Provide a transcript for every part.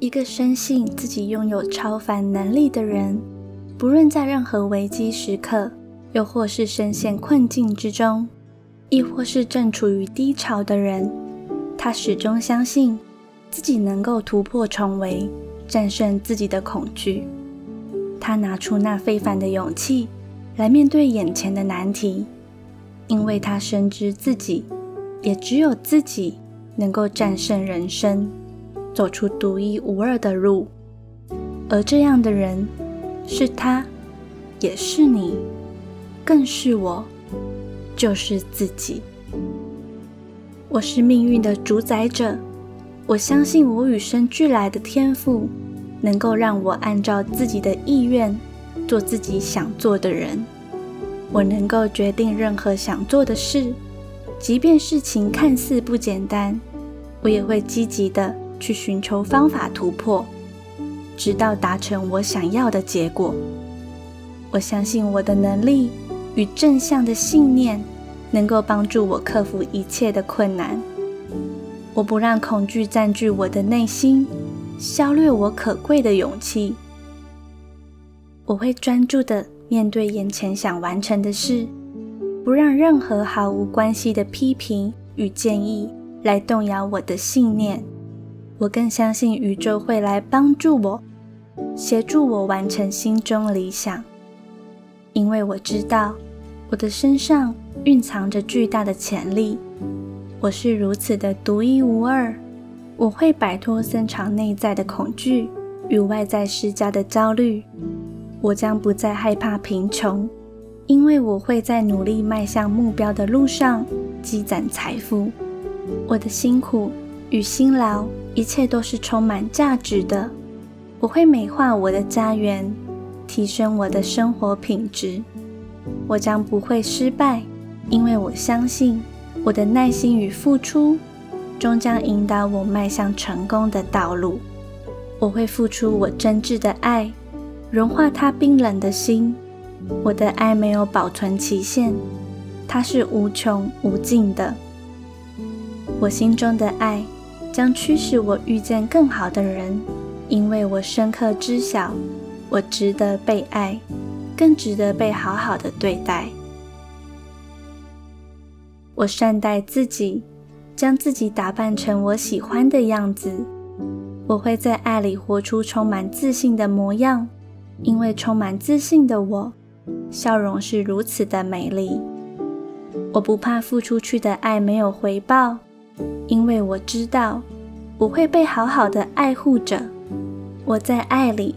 一個深信自己擁有超凡能力的人，不論在任何危機時刻，又或是身陷困境之中，亦或是正處於低潮的人，他始終相信自己能夠突破重圍，戰勝自己的恐懼。他拿出那非凡的勇氣來面對眼前的難題，因為他深知自己，也只有自己能夠戰勝人生。走出獨一無二的路，而這樣的人，是他，也是你，更是我，就是自己。我是命運的主宰者，我相信我與生俱來的天賦能夠讓我按照自己的意願做自己想做的人。我能夠決定任何想做的事，即便事情看似不簡單，我也會積極地。去尋求方法突破，直到達成我想要的結果。我相信我的能力與正向的信念能夠幫助我克服一切的困難。我不讓恐懼佔據我的內心，消掠我可貴的勇氣。我會專注地面對眼前想完成的事，不讓任何毫無關係的批評與建議來動搖我的信念。我更相信宇宙會來幫助我，協助我完成心中理想。因為我知道我的身上蘊藏着巨大的潛力，我是如此的獨一無二。我會擺脫深藏內在的恐懼與外在施加的焦慮，我將不再害怕貧窮，因為我會在努力邁向目標的路上積攢財富。我的辛苦，與辛勞，一切都是充滿價值的。我會美化我的家園，提升我的生活品質。我將不會失敗，因為我相信我的耐心與付出終將引導我邁向成功的道路。我會付出我真摯的愛，融化他冰冷的心。我的愛沒有保存期限，它是無窮無盡的。我心中的愛。將驅使我遇見更好的人，因為我深刻知曉，我值得被愛，更值得被好好的對待。我善待自己，將自己打扮成我喜歡的樣子。我會在愛裡活出充滿自信的模樣，因為充滿自信的我，笑容是如此的美麗。我不怕付出去的愛沒有回報。因為我知道我會被好好的愛護着，我在愛裡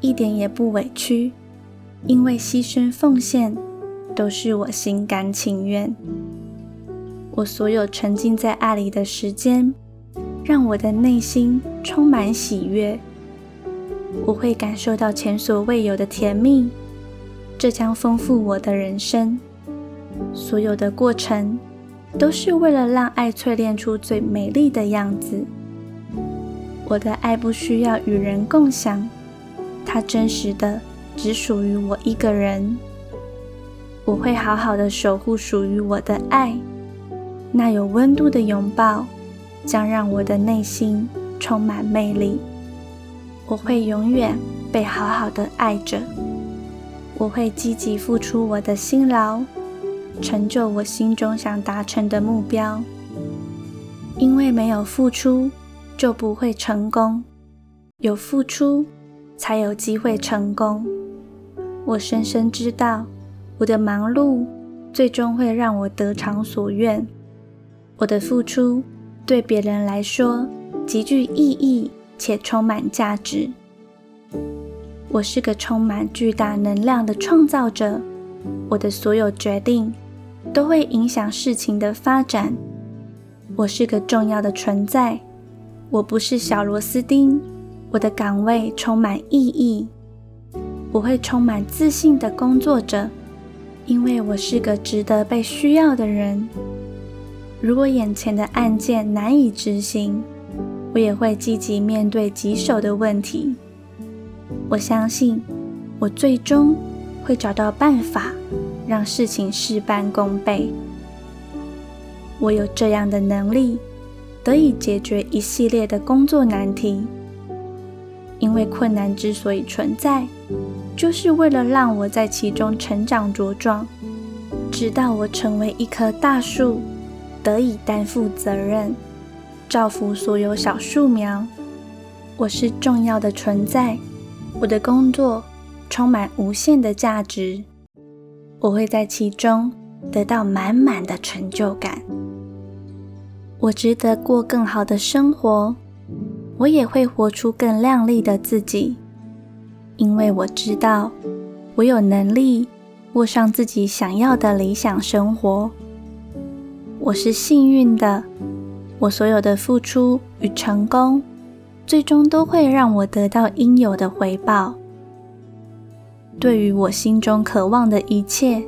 一點也不委屈，因為犧牲奉獻都是我心甘情願。我所有沉浸在愛裡的時間，讓我的內心充滿喜悅，我會感受到前所未有的甜蜜，這將豐富我的人生，所有的過程，都是為了讓愛淬煉出最美麗的樣子。我的愛不需要與人共享，它真實的只屬於我一個人。我會好好的守護屬於我的愛，那有溫度的擁抱將讓我的內心充滿魅力。我會永遠被好好的愛着，我會積極付出我的辛勞。成就我心中想達成的目標。因為沒有付出就不會成功，有付出才有機會成功。我深深知道，我的忙碌最終會讓我得償所願。我的付出對別人來說極具意義且充滿價值。我是個充滿巨大能量的創造者，我的所有決定。都會影響事情的發展。我是個重要的存在，我不是小螺絲釘，我的崗位充滿意義。我會充滿自信的工作着，因為我是個值得被需要的人。如果眼前的案件難以執行，我也會積極面對棘手的問題。我相信，我最終會找到辦法。讓事情事半功倍。我有這樣的能力，得以解決一系列的工作難題。因為困難之所以存在，就是為了讓我在其中成長茁壯，直到我成為一棵大樹，得以擔負責任，造福所有小樹苗。我是重要的存在，我的工作充滿無限的價值。我會在其中得到滿滿的成就感。我值得過更好的生活，我也會活出更亮麗的自己，因為我知道我有能力過上自己想要的理想生活。我是幸運的，我所有的付出與成功，最終都會讓我得到應有的回報。對於我心中渴望的一切，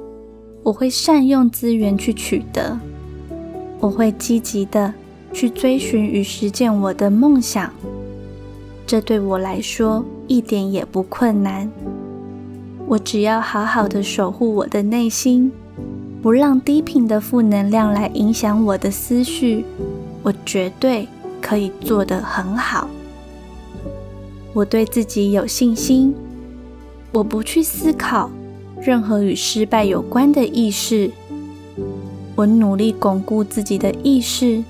我會善用資源去取得。我會積極的去追尋與實踐我的夢想。這對我來說一點也不困難。我只要好好的守護我的內心，不讓低頻的負能量來影響我的思緒，我絕對可以做得很好。我對自己有信心。我不去思考任何與失敗有關的意識，我努力鞏固自己的意識，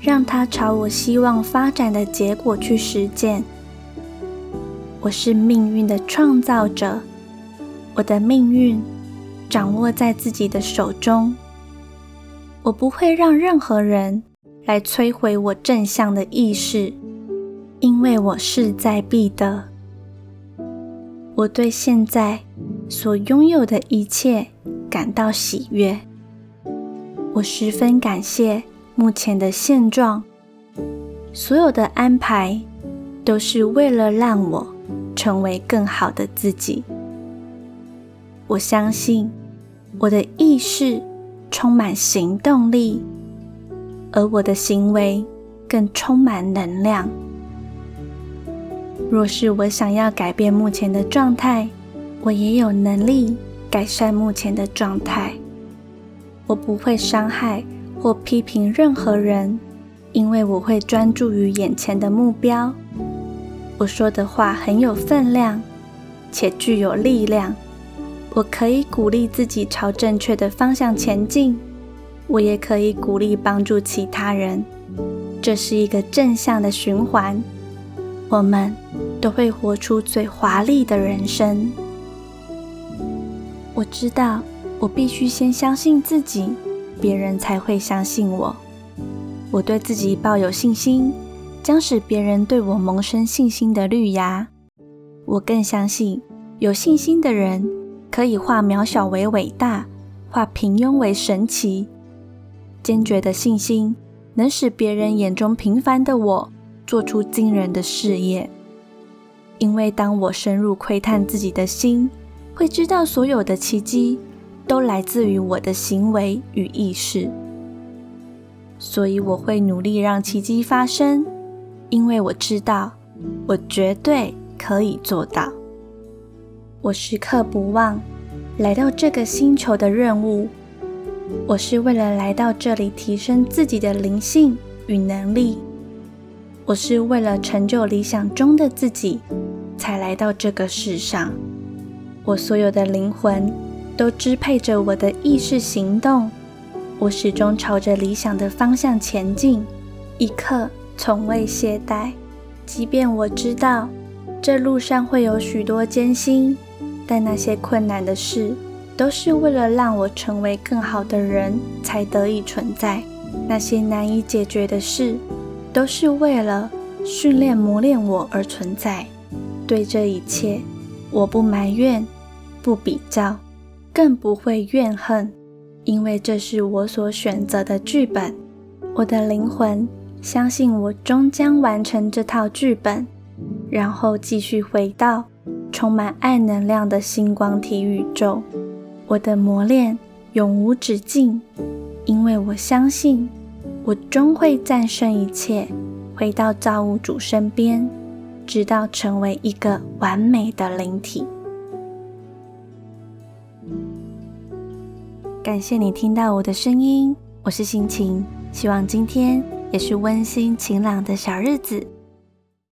讓它朝我希望發展的結果去實踐。我是命運的創造者，我的命運掌握在自己的手中。我不會讓任何人來摧毀我正向的意識，因為我勢在必得。我對現在所擁有的一切感到喜悅。我十分感謝目前的現狀，所有的安排都是為了讓我成為更好的自己。我相信我的意識充滿行動力，而我的行為更充滿能量。若是我想要改變目前的狀態，我也有能力改善目前的狀態。我不會傷害或批評任何人，因為我會專注於眼前的目標。我說的話很有分量，且具有力量。我可以鼓勵自己朝正確的方向前進，我也可以鼓勵幫助其他人。這是一個正向的循環。我們都會活出最華麗的人生。我知道，我必須先相信自己，別人才會相信我。我對自己抱有信心，將使別人對我萌生信心的綠芽。我更相信，有信心的人可以化渺小為偉大，化平庸為神奇。堅決的信心能使別人眼中平凡的我，做出驚人的事業，因為當我深入窺探自己的心，會知道所有的奇蹟都來自於我的行為與意識。所以我會努力讓奇蹟發生，因為我知道我絕對可以做到。我時刻不忘來到這個星球的任務，我是為了來到這裡提升自己的靈性與能力。我是為了成就理想中的自己，才來到這個世上。我所有的靈魂都支配着我的意識行動，我始終朝着理想的方向前進，一刻從未懈怠。即便我知道這路上會有許多艱辛，但那些困難的事，都是為了讓我成為更好的人才得以存在。那些難以解決的事。都是為了訓練、磨練我而存在。對這一切，我不埋怨，不比較，更不會怨恨，因為這是我所選擇的劇本。我的靈魂相信，我終將完成這套劇本，然後繼續回到充滿愛能量的星光體宇宙。我的磨練永無止境，因為我相信。我終會戰勝一切，回到造物主身邊，直到成為一個完美的靈體。感謝你聽到我的聲音，我是馨晴，希望今天也是溫馨晴朗的小日子。